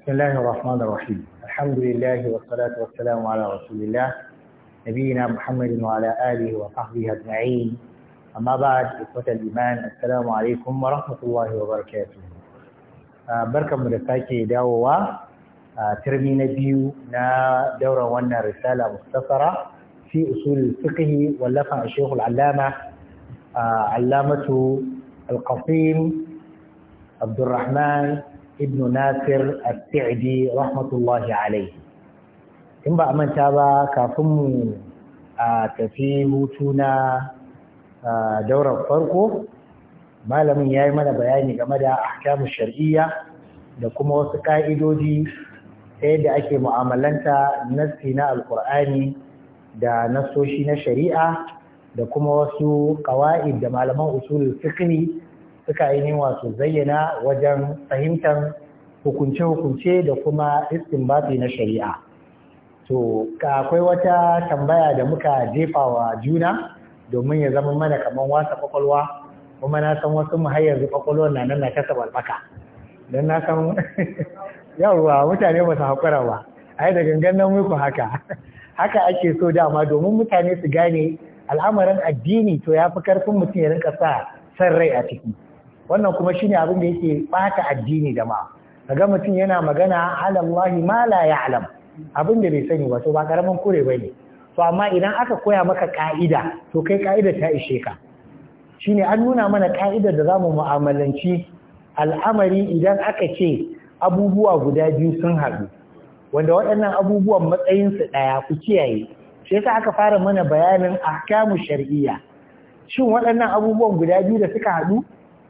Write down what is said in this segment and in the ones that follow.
بسم الله الرحمن الرحيم الحمد لله والصلاة والسلام على رسول الله نبينا محمد وعلى آله وصحبه أجمعين أما بعد إخوة الإيمان السلام عليكم ورحمة الله وبركاته آه، بركة مدفاكي دعوة آه، ترمي نبيو نا دورة وانا رسالة مختصرة في أصول الفقه واللفع الشيخ العلامة آه، علامة القصيم عبد الرحمن ibn nasir al-sa'di rahmatullahi Alayhi. in ba a manta ba kafin mu a tafi hutu na daurar farko malamin ya yi mana bayani game da ahkamu shar'iyya da kuma wasu ka'idoji ta yadda ake mu'amalanta nassi na alkur'ani da nassoshi na shari'a da kuma wasu ƙawa'id da malaman usulul fiqh suka ainihin wato zayyana wajen fahimtar hukunce-hukunce da kuma istinbati na shari'a to akwai wata tambaya da muka jefa wa juna domin ya zama mana kamar wasa kwakwalwa kuma na san wasu mu har yanzu kwakwalwa na nan na ta sabalbaka don na san yawwa mutane ba su haƙura ba ai da gangan nan muku haka haka ake so dama domin mutane su gane al'amarin addini to ya fi karfin mutum ya rinka sa san rai a ciki wannan kuma shine abin da yake bata addini da jama'a kaga mutum yana magana alallahi ma la ya'lam abin da bai sani ba to ba karaman kure bane to amma idan aka koya maka ka'ida to kai ka'ida ta ishe ka shine an nuna mana ka'idar da zamu mu'amalanci al'amari idan aka ce abubuwa guda biyu sun haɗu wanda waɗannan abubuwan matsayinsu ɗaya ku kiyaye shi yasa aka fara mana bayanin ahkamu shar'iyya shin waɗannan abubuwan guda biyu da suka haɗu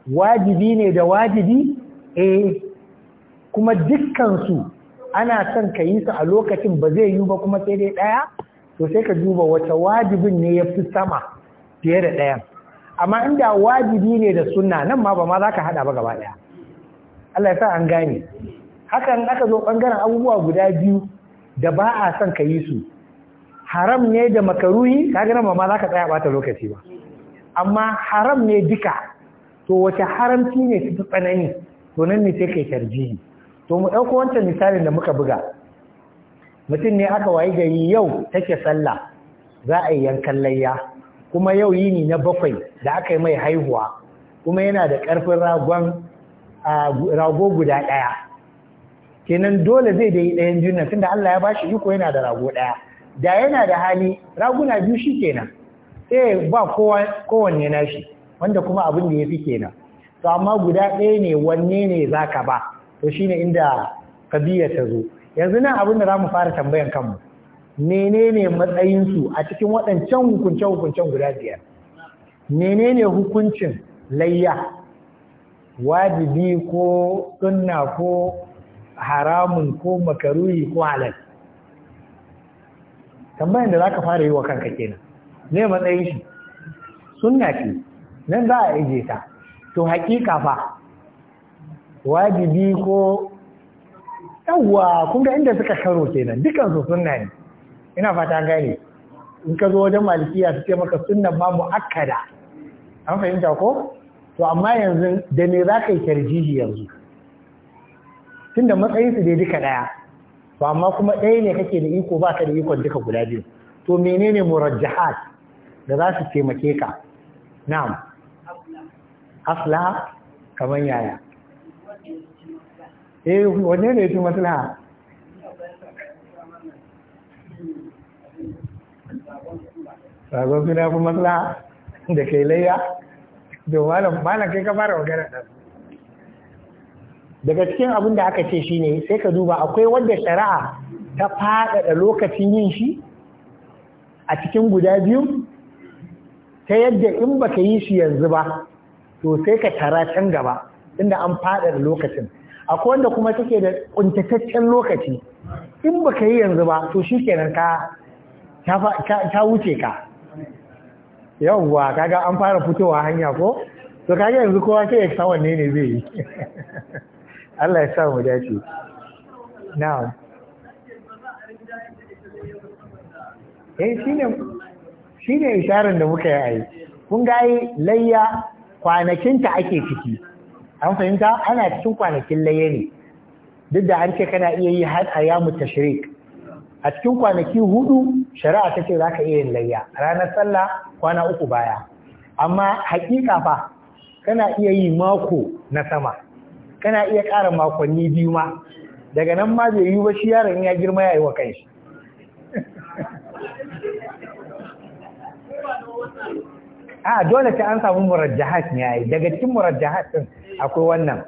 wajibi ne da wajibi eh kuma dukkansu ana son ka yi su a lokacin ba zai yi ba kuma sai dai ɗaya to sai ka duba wata wajibin ne ya fi sama fiye da ɗayan amma inda wajibi ne da sunna nan ma ba ma za ka haɗa ba gaba ɗaya Allah ya sa an gane hakan aka zo ɓangaren abubuwa guda biyu da ba a son ka yi su haram ne da makaruhi ka gina ma za ka tsaya ɓata lokaci ba amma haram ne duka to wace haramci ne su tsanani to nan ne sai kai tarjihi to mu ɗauko wancan misalin da muka buga mutum ne aka wayi gari yau take sallah za a yi yankan layya kuma yau yi yini na bakwai da aka yi mai haihuwa kuma yana da ƙarfin ragon rago guda ɗaya kenan dole zai da yi ɗayan jinnan tunda Allah ya ba shi iko yana da rago ɗaya da yana da hali raguna biyu shi kenan sai ba kowanne nashi wanda kuma abin da ya fi kenan to amma guda ɗaya ne wanne ne za ka ba to shine inda kabiya ta zo yanzu nan abin da za mu fara tambayan kanmu ne matsayinsu a cikin waɗancan hukunce-hukuncen guda biyar menene hukuncin layya wajibi ko sunna ko haramun ko makaruhi ko halal tambayan da za ka fara yi wa kanka kenan ne matsayin shi sunna ce nan za a ije ta to haƙiƙa fa wajibi ko yawwa kun ga inda suka karo kenan dukan su sunna ne ina fata gane in ka zo wajen malikiya su ce maka sunnan ma muakkada an fahimta ko to amma yanzu da me za ka yi tarjihi yanzu tunda matsayin su dai duka daya to amma kuma ɗaya ne kake da iko ba ka da ikon duka guda biyu to menene murajjahat da za su taimake ka na'am aslaha kamar yaya eh wanne ne fi maslaha ragon suna kuma maslaha da kai layya domin malam kai ka fara magana daga cikin abin da aka ce shi ne, sai ka duba akwai wadda shari'a ta faɗaɗa lokacin yin shi a cikin guda biyu ta yadda in baka yi shi yanzu ba to sai ka tara can gaba inda an fadar lokacin akwai wanda kuma take da kuntataccen lokaci in baka yi yanzu ba to kenan ka ta wuce ka yawwa kaga an fara fitowa hanya ko to kaga yanzu kowa sai ya san wanne ne zai yi Allah ya sa mu dace na'am eh shine shine isharar da muka yi kun ga layya kwanakinta ake ciki an fahimta ana cikin kwanakin ne. duk da an ce kana iya yi har a yamu tashrik a cikin kwanaki hudu shari'a ta ce za ka iya yin layya ranar sallah kwana uku baya amma hakika fa kana iya yi mako na sama kana iya ƙara makonni biyu ma daga nan ma bai yi ba shi yaron ya girma ya yi wa kanshi a dole ta an samu murajjahat ne ai daga cikin murajjahat din akwai wannan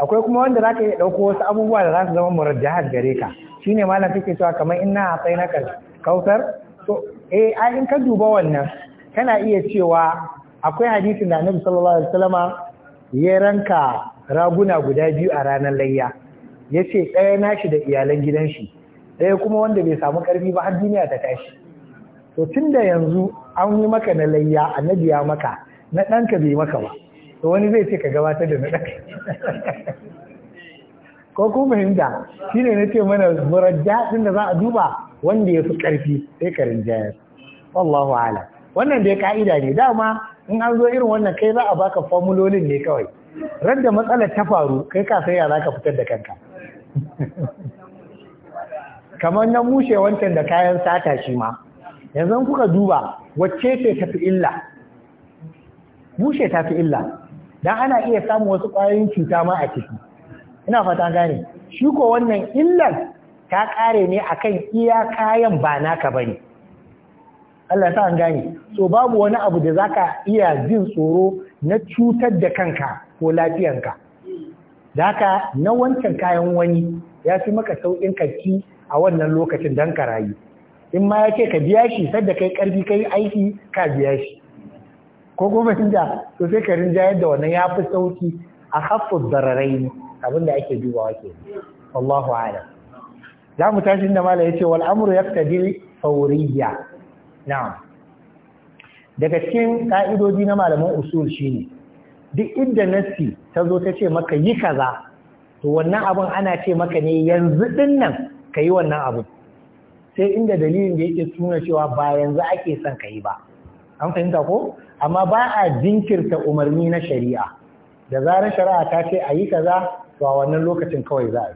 akwai kuma wanda zaka iya dauko wasu abubuwa da zasu zama murajjahat gare ka shine malam kake cewa kamar inna atainaka kautar to eh a in ka duba wannan kana iya cewa akwai hadisin da Annabi sallallahu alaihi wasallama ya ranka raguna guda biyu a ranar layya yace ɗaya nashi da iyalan gidan shi ɗaya kuma wanda bai samu karfi ba har duniya ta tashi to tun da yanzu an yi maka na layya na biya maka na ɗanka bai maka ba to wani zai ce ka gabatar da na ɗanka ko kuma fahimta shi ne na ce mana murajja ɗin da za a duba wanda ya fi ƙarfi sai ka rinjayar wallahu ala wannan dai ka'ida ne dama in an zo irin wannan kai za a baka formulolin ne kawai ran da matsalar ta faru kai ka sai za ka fitar da kanka kamar na mushe wancan da kayan sata shi ma yanzu kuka duba wacce ce tafi illa bushe tafi illa dan ana iya samun wasu ƙwayoyin cuta ma a ciki ina fata gane shi ko wannan illar ta ƙare ne akan iya kayan ba naka bane Allah ta gane so babu wani abu da zaka iya jin tsoro na cutar da kanka ko lafiyanka da haka na wancan kayan wani ya fi maka sauƙin kaki a wannan lokacin don ka rayu in ma ya ce ka biya shi sadda kai karfi kai aiki ka biya shi ko kuma inda to sai ka rinja yadda wannan ya fi sauki a haffuz dararai abin da ake dubawa ke wallahu a'lam za mu tashi inda mala yace wal amru yaqtadi fawriyya na'am daga cikin ka'idodi na malaman usul shine duk inda nassi ta zo ta ce maka yi kaza to wannan abun ana ce maka ne yanzu dinnan ka yi wannan abin sai inda dalilin da yake tuna cewa ba yanzu ake son ka yi ba an fahimta ko amma ba a jinkirta umarni na shari'a da zarar shari'a ta ce a yi kaza to a wannan lokacin kawai za a yi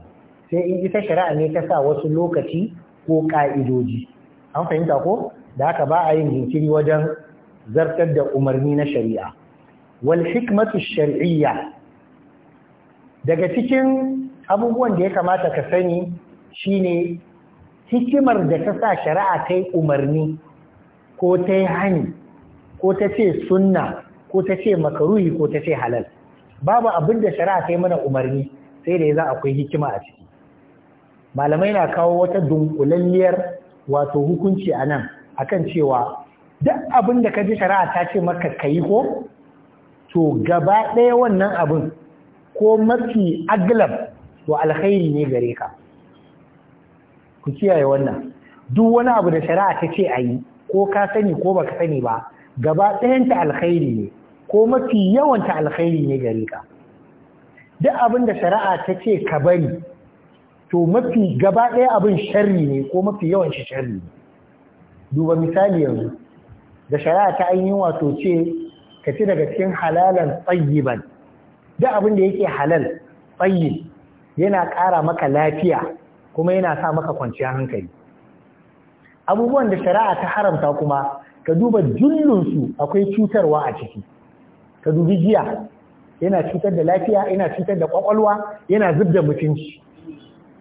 sai in ita shari'a ne ta sa wasu lokaci ko ka'idoji an fahimta ko da haka ba a yin jinkiri wajen zartar da umarni na shari'a wal hikmatu shar'iyya daga cikin abubuwan da ya kamata ka sani shine hikimar da ta sa shari'a ta yi umarni ko ta yi hani ko ta ce sunna ko ta ce makaruhi ko ta ce halal babu abin da shari'a ta yi mana umarni sai da ya za akwai hikima a ciki malamai na kawo wata dunkulalliyar wato hukunci a nan akan cewa duk abin da ka ji shari'a ta ce maka ka yi ko to gaba ɗaya wannan abin ko mafi aglab to alkhairi ne gare ka ku kiyaye wannan duk wani abu da shari'a ta ce a yi ko ka sani ko baka sani ba gaba ɗayanta alkhairi ne ko mafi yawanta alkhairi ne gare ka duk abin da shari'a ta ce ka bari to mafi gaba ɗaya abin sharri ne ko mafi yawan shi sharri ne duba misali yanzu da shari'a ta yi wato ce ka ci daga cikin halalan tsayiban duk abin da yake halal tsayi yana ƙara maka lafiya kuma yana sa maka kwanciyar hankali abubuwan da shari'a ta haramta kuma ka duba jullunsu akwai cutarwa a ciki ka dubi giya yana cutar da lafiya yana cutar da kwakwalwa yana zub da mutunci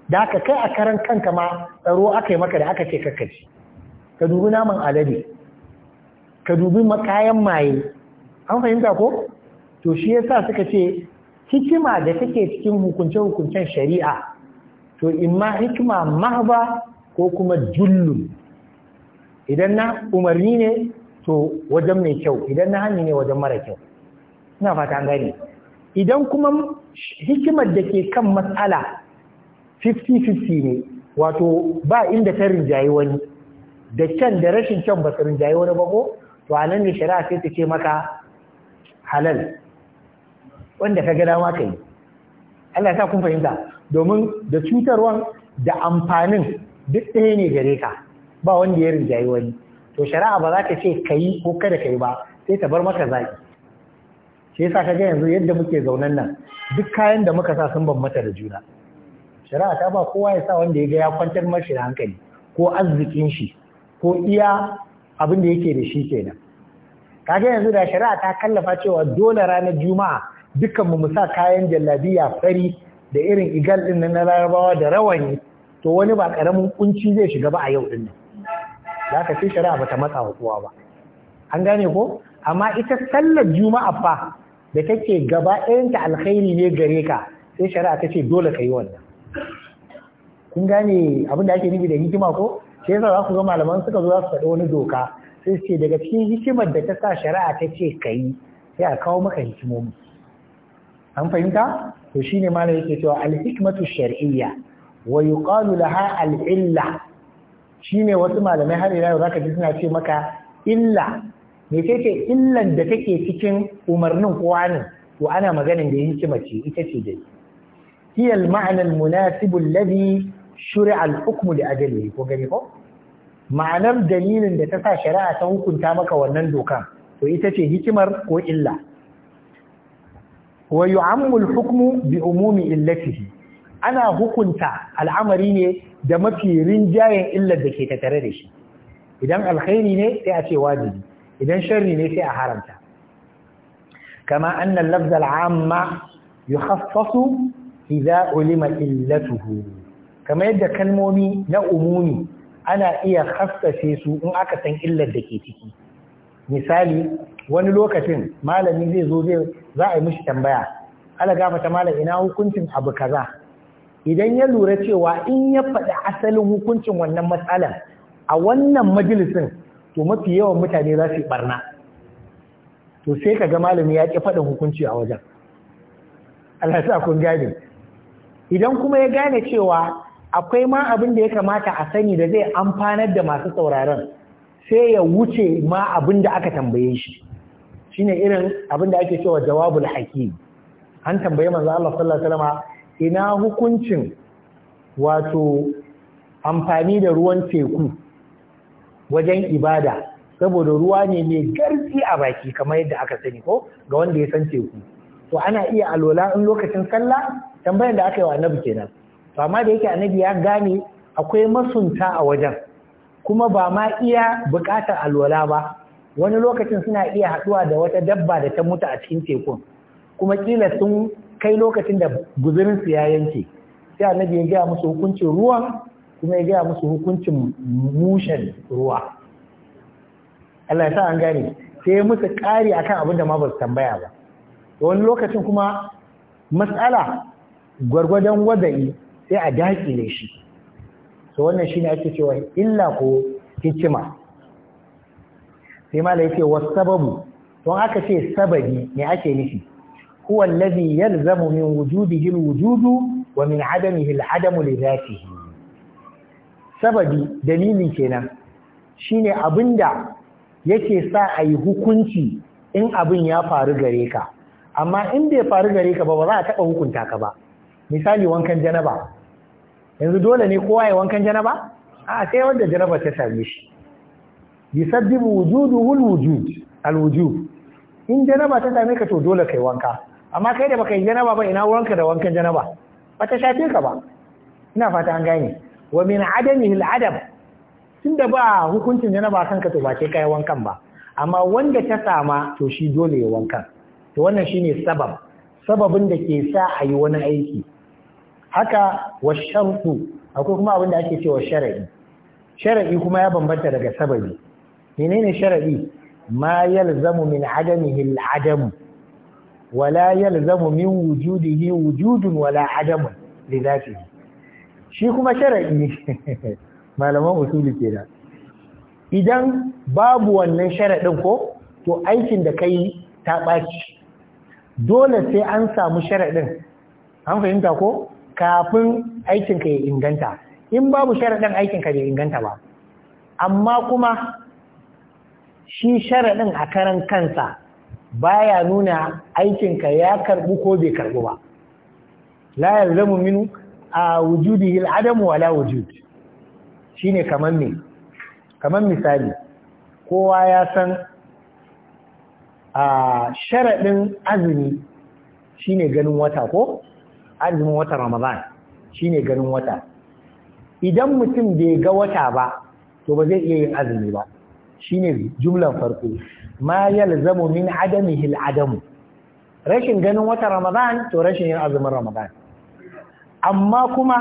da aka kai a karan kanka ma tsaro aka yi maka da aka ce kakkaci ka dubi naman alade ka dubi makayan maye an fahimta ko to shi yasa suka ce hikima da take cikin hukunce-hukuncen shari'a to imma hikima mahba ko kuma jullun idan na umarni ne to wajen mai kyau idan na hannu ne wajen mara kyau ina fata gani idan kuma hikimar da ke kan matsala 50-50 ne wato ba inda ta rinjaye wani da can da rashin can ba su rinjaye wani bako to a nan ne shari'a sai ta ce maka halal wanda ka gada maka yi Allah ya sa kun fahimta domin da cutarwan da amfanin duk ɗaya ne gare ka ba wanda ya rinjayi wani to shari'a ba za ka ce ka yi ko kada ka yi ba sai ta bar maka zaki shi yasa ga yanzu yadda muke zaunan nan duk kayan da muka sa sun mata da juna shari'a ta ba kowa ya sa wanda ya ga ya kwantar mashi da hankali ko arzikin shi ko iya abin da yake da shi kenan kaga yanzu da shari'a ta kallafa cewa dole ranar juma'a dukkan mu sa kayan jallabiya fari da irin igal din na larabawa da rawani to wani ba karamin kunci zai shiga ba a yau din nan za ka ce shari'a ba ta matsa wa kowa ba an gane ko amma ita sallar juma'a fa da take gaba ɗayanta alkhairi ne gare ka sai shari'a ta ce dole ka yi wannan kun gane abin da ake nufi da hikima ko sai yasa za ku ga malaman suka zo za su faɗi wani doka sai su ce daga cikin hikimar da ta sa shari'a ta ce ka yi sai a kawo maka hikimomi an fahimta to shine malam yake cewa al-hikmatu shar'iyya wa yuqalu laha al-illa shine wasu malamai har ila yau zaka ji suna ce maka illa me ce illan da take cikin umarnin kowa ne to ana maganin da hikima mace ita ce dai hiya al-ma'na al-munasib alladhi shuri'a al-hukm li ajalihi ko gani ko ma'anar dalilin da ta sa shari'a ta hukunta maka wannan dokan to ita ce hikimar ko illa wa yu'ammu hukmu bi umumi illatihi ana hukunta al'amari ne da mafi rinjayen illar da ke tattare da shi idan alkhairi ne sai a ce wajibi idan sharri ne sai a haramta kama annal lafz al'amma yukhassasu idza ulima illatuhu kama yadda kalmomi na umumi ana iya khassace su in aka san illar da ke ciki misali wani lokacin malami zai zo zai za a yi mishi tambaya ala gafata malam ina hukuncin abu kaza idan ya lura cewa in ya faɗi asalin hukuncin wannan matsalar a wannan majalisin to mafi yawan mutane za su yi barna to sai ka ga malami ya ƙi faɗin hukunci a wajen Allah sa kun gane idan kuma ya gane cewa akwai ma abin da ya kamata a sani da zai amfanar da masu sauraron sai ya wuce ma abin da aka tambaye shi shine irin abin da ake cewa jawabul hakim an tambaye manzo Allah sallallahu alaihi wasallam ina hukuncin wato amfani da ruwan teku wajen ibada saboda ruwa ne mai garfi a baki kamar yadda aka sani ko ga wanda ya san teku to ana iya alwala in lokacin sallah tambayar da aka yi wa annabi kenan to amma da yake annabi ya gane akwai masunta a wajen kuma ba ma iya bukatar alwala ba wani lokacin suna iya haɗuwa da wata dabba da ta mutu a cikin tekun kuma kila sun kai lokacin da guzurinsu ya yanke sai annabi ya gaya musu hukuncin ruwan kuma ya gaya musu hukuncin mushen ruwa Allah ya sa an gane sai ya musu kari akan abin da ma ba su tambaya ba wani lokacin kuma matsala gwargwadon wada'i sai a dakile shi to wannan shine ake cewa illa ko hikima sai mala yace wa sababu don aka ce sababi ne ake nufi huwa allazi yalzamu min wujudihi alwujudu wa min adamihi aladamu li sababi dalilin kenan shine abinda yake sa ayi hukunci in abin ya faru gare ka amma in bai faru gare ka ba ba za a taba hukunta ka ba misali wankan janaba yanzu dole ne kowa ya wankan janaba a sai wanda janaba ta same shi yusabbibu wujuduhu alwujud alwujub in janaba ta same ka to dole kai wanka amma kai da baka yi janaba ba ina wanka da wankan janaba ba ta shafe ka ba ina fata an gane wa min adamihi al'adab tunda ba hukuncin janaba kanka to ba ke kai wankan ba amma wanda ta sama to shi dole ya wankan to wannan shine sabab sababin da ke sa a yi wani aiki haka wa shartu akwai kuma abin da ake cewa shara'i. Shara'i kuma ya bambanta daga sababi menene sharaɗi? ma yalzamu min adamihi al-adam wala yalzamu min wujudihi wujudun wala adam li shi kuma sharadi malaman usuli kenan idan babu wannan sharadin ko to aikin da kai ta baci dole sai an samu sharadin an fahimta ko kafin aikinka ya inganta in babu sharadin aikinka ka bai inganta ba amma kuma shi sharaɗin a karan kansa baya nuna aikinka ya karɓi ko bai karɓi ba la yalzamu minu a wujudi al'adamu wala wujud shine kamar me kamar misali kowa ya san a sharaɗin azumi shine ganin wata ko azumin wata ramadan shine ganin wata idan mutum bai ga wata ba to ba zai iya yin azumi ba shine jumlan farko ma yalzamu min adamihi al'adamu rashin ganin wata ramadan to rashin yin azumin ramadan amma kuma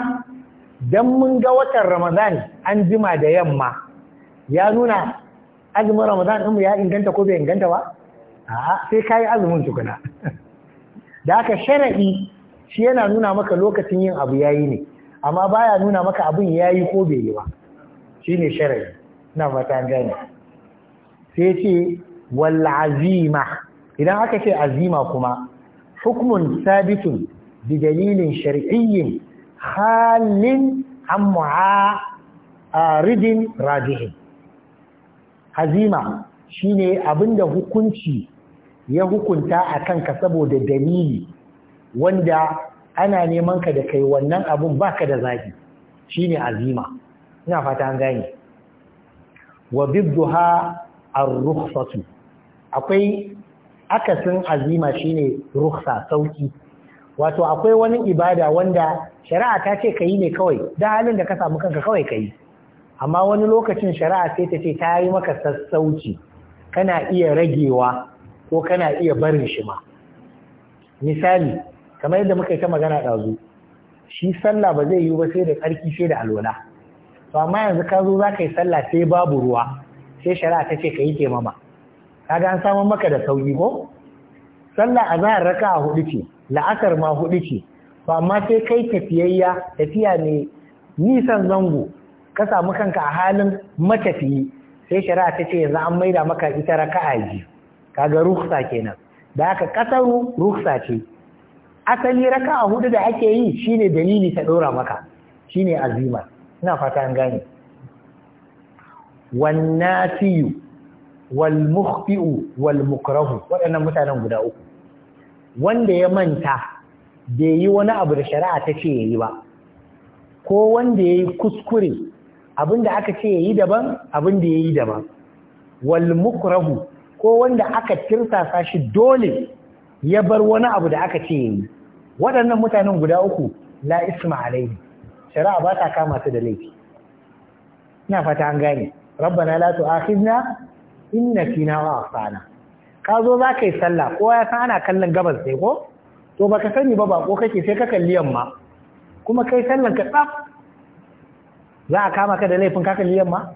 dan mun ga watan ramadan an jima da yamma ya nuna azumin ramadan din ya inganta ko bai inganta ba a'a sai kai azumin tukuna da haka sharadi shi yana nuna maka lokacin yin abu yayi ne amma baya nuna maka abin yayi ko bai yi ba shine sharadi na fata gani. sai ce wal azima idan aka ce azima kuma hukmun sabitun bi dalilin shar'iyyin halin an mu'aridin rajihin azima shine abinda hukunci ya hukunta a kanka saboda dalili wanda ana neman ka da kai wannan abun baka da zagi shine azima ina fata an gane wa bidduha ar-rukhsatu akwai akasin azima shine rukhsa sauki wato akwai wani ibada wanda shari'a ta ce kai ne kawai da halin da ka samu kanka kawai kai amma wani lokacin shari'a sai ta ce ta yi maka sassauci kana iya ragewa ko kana iya barin shi ma misali kamar yadda muka yi ta magana ɗazu shi sallah ba zai yi ba sai da tsarki sai da alwala to amma yanzu ka zo za ka yi sallah sai babu ruwa sai shari'a ta ce ka yi taimama kaga an samu maka da sauyi ko sallah a raka a hudu ce la'asar ma hudu ce ba amma sai kai tafiyayya tafiya ne nisan zango ka samu kanka a halin matafiyi sai shari'a ta ce yanzu an maida maka ita raka'a biyu kaga ruksa kenan da haka kasar ruksa ce asali a hudu da ake yi shine dalili ta dora maka shine azima ina fata an gane wannafiyu walmukhfi'u walmukrahu waɗannan mutanen guda uku wanda ya manta bai yi wani abu da shari'a ta ce yayi ba ko wanda yayi kuskure abinda aka ce yayi daban abinda yayi daban walmukrahu ko wanda aka tirsasa shi dole ya bar wani abu da aka ce yayi waɗannan mutanen guda uku la isma alaihi shari'a ba ta kama su da laifi ina fata an gane rabbana la tu'akhidna in nasina wa asana ka zo za ka sallah ko ya san ana kallon gabas sai ko to baka sani ba bako kake sai ka kalli yamma kuma kai sallan ka tsaf za a kama ka da laifin ka kalli yamma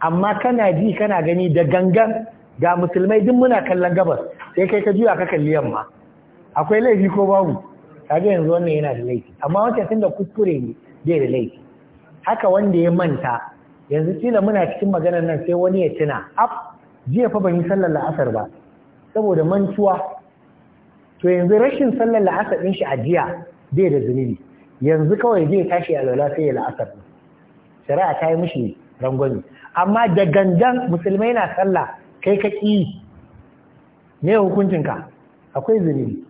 amma kana ji kana gani da gangan ga musulmai duk muna kallon gabas sai kai ka juya ka kalli yamma akwai laifi ko babu kaga yanzu wannan yana da laifi amma wancan tun da kuskure ne bai da laifi haka wanda ya manta yanzu kila muna cikin maganar nan sai wani ya tuna af jiya fa ban yi sallar la'asar ba saboda mantuwa to yanzu rashin sallar la'asar din shi a jiya bai da zunubi yanzu kawai zai tashi a lola sai ya la'asar shari'a ta yi mishi rangwami amma da gangan musulmai na sallah kai ka ƙi me ka akwai zunubi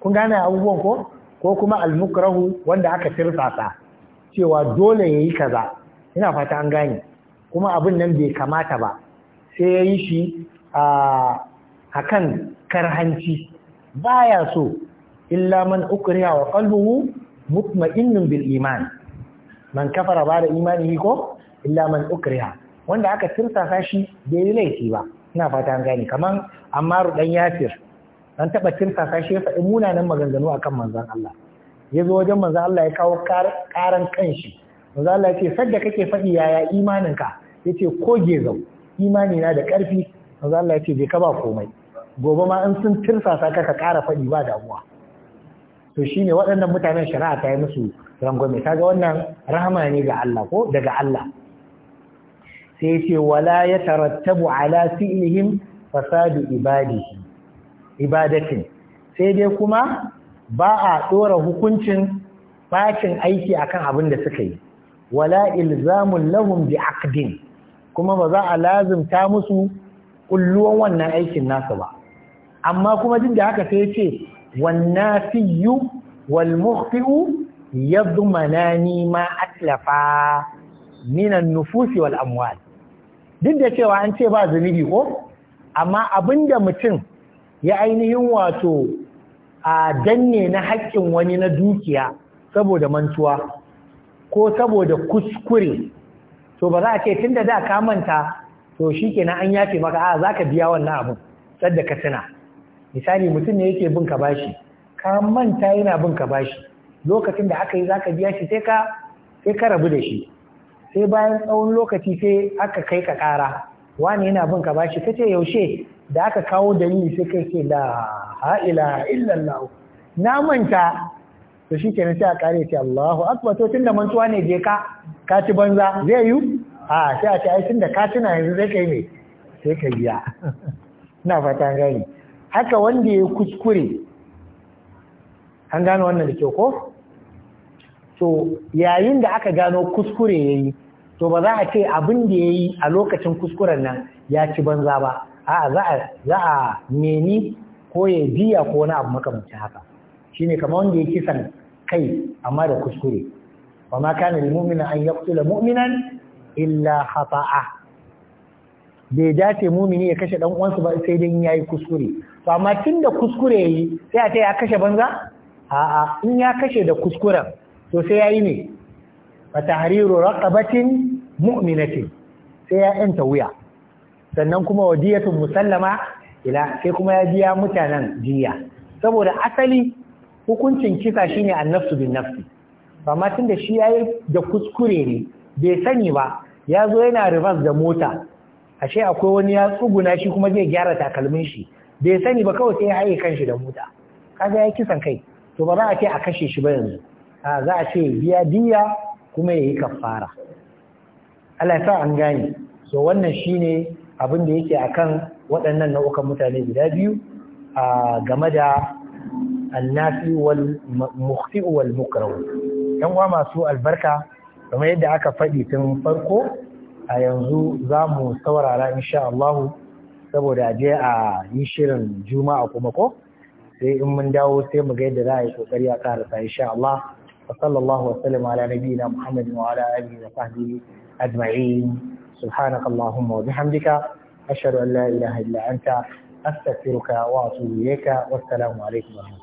kun gane abubuwan ko ko kuma almukrahu wanda aka tirsasa cewa dole yayi kaza ina fata an gane kuma abin nan bai kamata ba sai ya yi shi a kan karhanci baya so illa man ukriha wa qalbuhu mutma'innun bil iman man kafara ba da imani ko illa man ukriha wanda aka tirsasa shi bai yi laifi ba ina fata an gane kaman Ammaru dan Yasir an taba tirsasa shi ya faɗi munanan maganganu akan manzon Allah ya zo wajen manzon Allah ya kawo karan kanshi manzo Allah yace sadda kake faɗi yaya imaninka yace ko gezau imani na da ƙarfi manzo Allah yace ce, ka ba komai gobe ma in sun tirsasa ka ka ƙara faɗi ba damuwa to shine waɗannan mutanen shari'a ta yi musu rangwame ta ga wannan rahama ne ga Allah ko daga Allah sai yace wala yatarattabu ala fi'lihim fasadu ibadihi ibadatin sai dai kuma ba a ɗora hukuncin bakin aiki akan abin da suka yi wala ilzamun lahum bi aqdin kuma ba za a lazimta musu kulluwan wannan aikin nasu ba amma kuma din da haka sai yace wannafiyu wal mukhfi'u yadmanani ma atlafa min an-nufusi wal amwal duk da cewa an ce ba zunubi ko amma abinda mutum ya ainihin wato a danne na haƙƙin wani na dukiya saboda mantuwa ko saboda kuskure to ba za a ce tunda da ka manta to shikenan an yafe maka a zaka biya wannan abu tsadda ka tuna misali mutum ne yake bin ka bashi ka manta yana bin ka bashi lokacin da aka yi zaka biya shi sai ka sai ka rabu da shi sai bayan tsawon lokaci sai aka kai ka kara wani yana bin ka bashi kace yaushe da aka kawo dalili sai kai ce la ha ila illallah na manta to shi kenan sai a kare ce Allahu akbar to tunda mantuwa ne je ka ka ci banza zai yi a sai a ce ai tunda ka tuna yanzu zai kai ne sai ka biya ina fata gani haka wanda ya kuskure an gano wannan da kyau ko to yayin da aka gano kuskure yayi to ba za a ce abin da yayi a lokacin kuskuren nan ya ci banza ba a za a za a meni ko ya biya ko wani abu makamancin haka shine kamar wanda ya kisan kai amma da kuskure wa ma kana lil mu'mina an yaqtula mu'minan illa khata'a bai dace mumini ya kashe dan uwansa ba sai dai yayi kuskure to amma tunda kuskure yi, sai a ta ya kashe banza a'a in ya kashe da kuskuren to sai yayi ne fa tahriru raqabatin mu'minatin sai ya yanta wuya sannan kuma wadiyatun musallama ila sai kuma ya biya mutanen jiya saboda asali hukuncin kisa shine annafsu bin nafsi amma da shi yayi da kuskure ne bai sani ba ya zo yana reverse da mota ashe akwai wani ya tsuguna shi kuma zai gyara takalmin shi bai sani ba kawai sai ya haye kanshi da mota kaga ya kisan kai to ba za a ce a kashe shi ba yanzu a za a ce biya diya kuma yayi kafara Allah ya sa an gane so wannan shine abin da yake akan waɗannan nau'ukan mutane guda biyu a game da annafi wal mukhti wal mukraw yan uwa masu albarka kamar yadda aka fadi tun farko a yanzu zamu mu saurara insha Allah saboda je a yi shirin juma'a kuma ko sai in mun dawo sai mu ga yadda za a yi kokari a karasa insha Allah wa sallallahu wa sallam ala nabiyina Muhammadin wa ala alihi wa sahbihi ajma'in سبحانك اللهم وبحمدك أشهد أن لا إله إلا أنت أستغفرك وأتوب إليك والسلام عليكم ورحمة الله